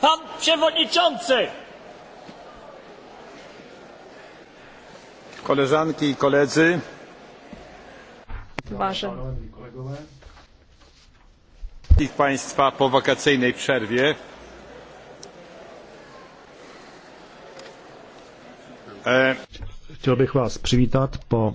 Pan przewodniczący! Koleżanki i koledzy. Wszystkich Państwa po wakacyjnej przerwie. E, Chciałbym Was przywitać po